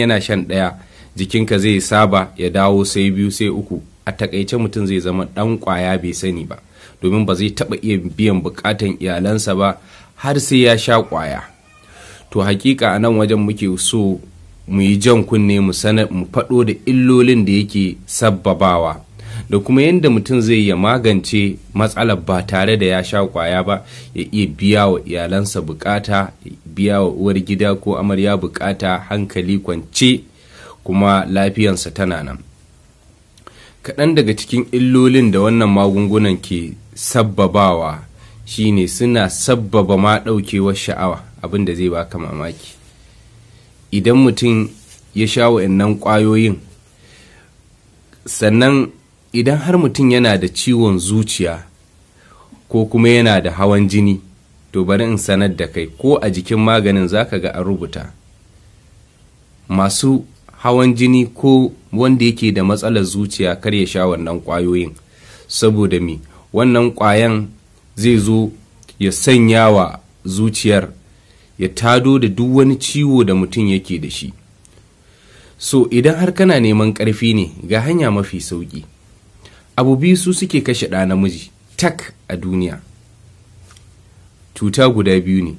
yana shan ɗaya jikinka zai saba ya dawo sai biyu sai uku a takaice mutum zai zama ɗan ƙwaya bai sani ba domin ba zai taɓa iya biyan buƙatan iyalansa ba har sai ya sha ƙwaya to hakika a nan wajen muke so mu yi jan kunne mu faɗo da illolin da yake sabbabawa da kuma yadda mutum zai ya magance matsalar ba tare da ya sha kwaya ba ya iya biya wa iyalansa bukata biya wa uwar gida ko amarya bukata hankali kwance kuma lafiyansa tana nan kaɗan daga cikin illolin da wannan magungunan ke sabbabawa shine suna sabbaba ma ɗaukewar sha'awa abin da zai baka mamaki idan mutum ya sha wa'annan ƙwayoyin sannan idan har mutum yana da ciwon zuciya ko kuma yana da hawan jini to bari in sanar da kai ko a jikin maganin zaka ga an rubuta masu hawan jini ko wanda yake da matsalar zuciya kar ya sha wannan kwayoyin saboda mi wannan kwayan zai zo ya sanya wa zuciyar ya tado da duk wani ciwo da mutum yake da shi so idan har kana neman ƙarfi ne ga hanya mafi sauƙi abu biyu su suke kashe ɗa namiji tak a duniya cuta guda biyu ne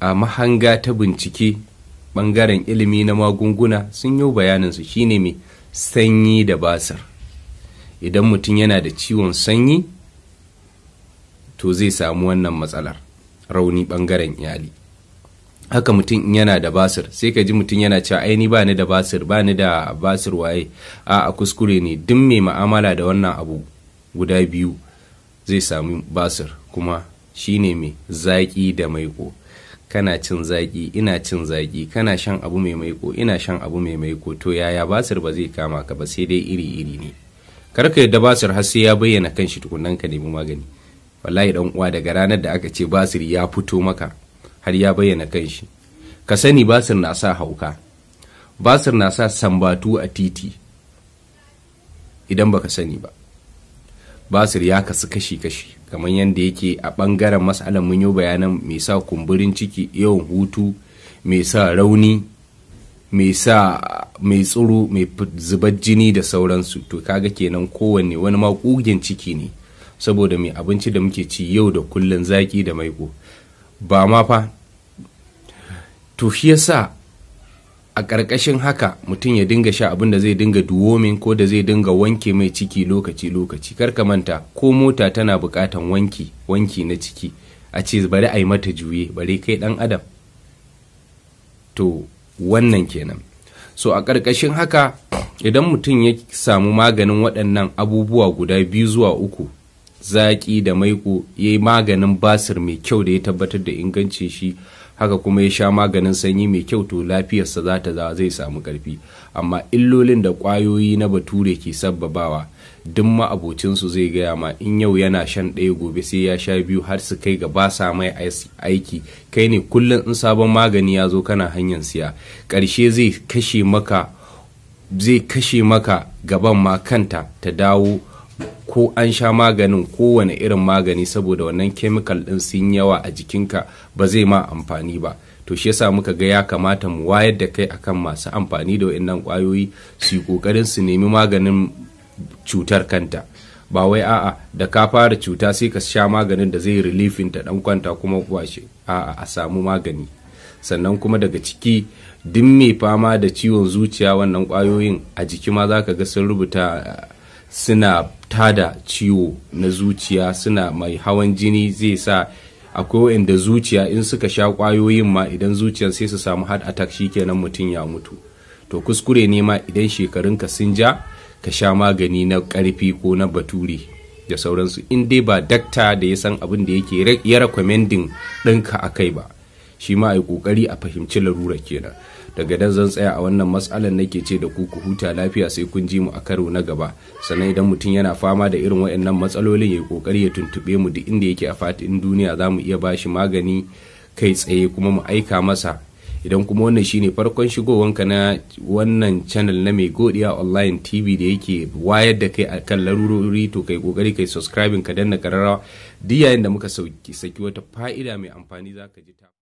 a mahanga ta bincike ɓangaren ilimi na magunguna sun yi su shine mai sanyi da basar idan mutum yana da ciwon sanyi to zai samu wannan matsalar rauni ɓangaren iyali haka mutum yana da basir sai ka ji mutum yana cewa ai ni bani da basir bani da basir waye a a kuskure ne duk mai ma'amala da wannan abu guda biyu zai sami basir kuma shine mai zaƙi da maiko kana cin zaƙi ina cin zaƙi kana shan abu mai maiko ina shan abu mai maiko to yaya basir ba zai kama ka ba sai dai iri iri ne kar ka yadda basir har sai ya bayyana kanshi tukunan ka nemi magani wallahi dan uwa daga ranar da aka ce basir ya fito maka har ya bayyana kanshi ka sani basir na sa hauka basir na sa sambatu a titi idan baka sani ba basir ya kasu kashi-kashi kamar yadda yake a ɓangaren matsalar mun yi bayanan mai sa kumburin ciki yawan hutu mai sa rauni mai sa mai tsoro mai zubar jini da sauransu to kaga kenan kowanne wani maƙogin ciki ne saboda mai abinci da muke ci yau da kullum zaki da maiko ba ma fa to shi yasa a ƙarƙashin haka mutum ya dinga sha abin da zai dinga duwomin ko da zai dinga wanke mai ciki lokaci lokaci karka manta ko mota tana buƙatan wanki wanki na ciki a ce bari a yi mata juye bari kai ɗan adam to wannan kenan so a ƙarƙashin haka idan mutum ya samu maganin waɗannan abubuwa guda biyu zuwa uku zaƙi da maiko ya yi maganin basir mai kyau da ya tabbatar da ingancin shi haka kuma ya sha maganin sanyi mai kyau to lafiyarsa za ta za zai samu karfi? amma illolin da ƙwayoyi na bature ke sabbabawa duk ma'abocinsu zai gaya ma in yau yana shan ɗaya gobe sai ya sha biyu har su kai ga basa mai aiki kai ne kullum in sabon magani ya zo kana hanyar siya ƙarshe zai kashe maka gaban ma kanta ta dawo ko an sha maganin kowane irin magani saboda wannan kemikal ɗin sun yawa a jikinka ba zai ma amfani ba to shi yasa muka ga ya kamata mu wayar da kai akan masu amfani da wayannan kwayoyi su yi kokarin su nemi maganin cutar kanta ba wai a'a da ka fara cuta sai ka sha maganin da zai relifin ta dan kwanta kuma washe a'a a samu magani sannan kuma daga ciki duk mai fama da ciwon zuciya wannan kwayoyin a jiki ma zaka ga sun rubuta suna tada ciwo na zuciya suna mai hawan jini zai sa akwai wa'anda zuciya in suka sha kwayoyin ma idan zuciyar sai su samu heart attack kenan mutum ya mutu to kuskure ne ma idan shekarunka sun ja ka sha magani na karfi ko na bature da sauransu in dai ba dakta da ya san abin da yake ya recommending ɗinka a kai ba shi ma a yi kokari a fahimci larura kenan daga dan zan tsaya a wannan matsalar nake ce da ku ku huta lafiya sai kun ji mu a karo na gaba sannan idan mutum yana fama da irin waɗannan matsalolin ya yi kokari ya tuntube mu duk inda yake a fatin duniya za mu iya bashi magani kai tsaye kuma mu aika masa idan kuma wannan shine farkon shigowanka na wannan channel na mai godiya online tv da yake wayar da kai akan larurori to kai kokari kai subscribing ka danna kararrawa duk yayin da muka saki wata fa'ida mai amfani zaka ji ta